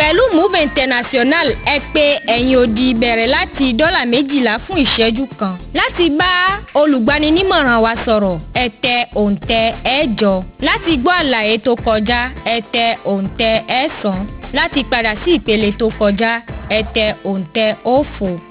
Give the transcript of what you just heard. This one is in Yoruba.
Pẹ̀lú Move International ẹ pè ẹ̀yìn odi bẹ̀rẹ̀ láti dọ́là méjìlá fún ìṣẹ́jú kan. Láti bá olùgbaninímọ̀ràn wa sọ̀rọ̀ ẹ tẹ òǹtẹ̀ ẹ̀jọ. Láti gbọ́ àlàyé tó kọjá ẹ tẹ òǹtẹ̀ ẹ̀sán. Láti padà sí ìpele tó kọjá ẹ tẹ òǹtẹ̀ òfo.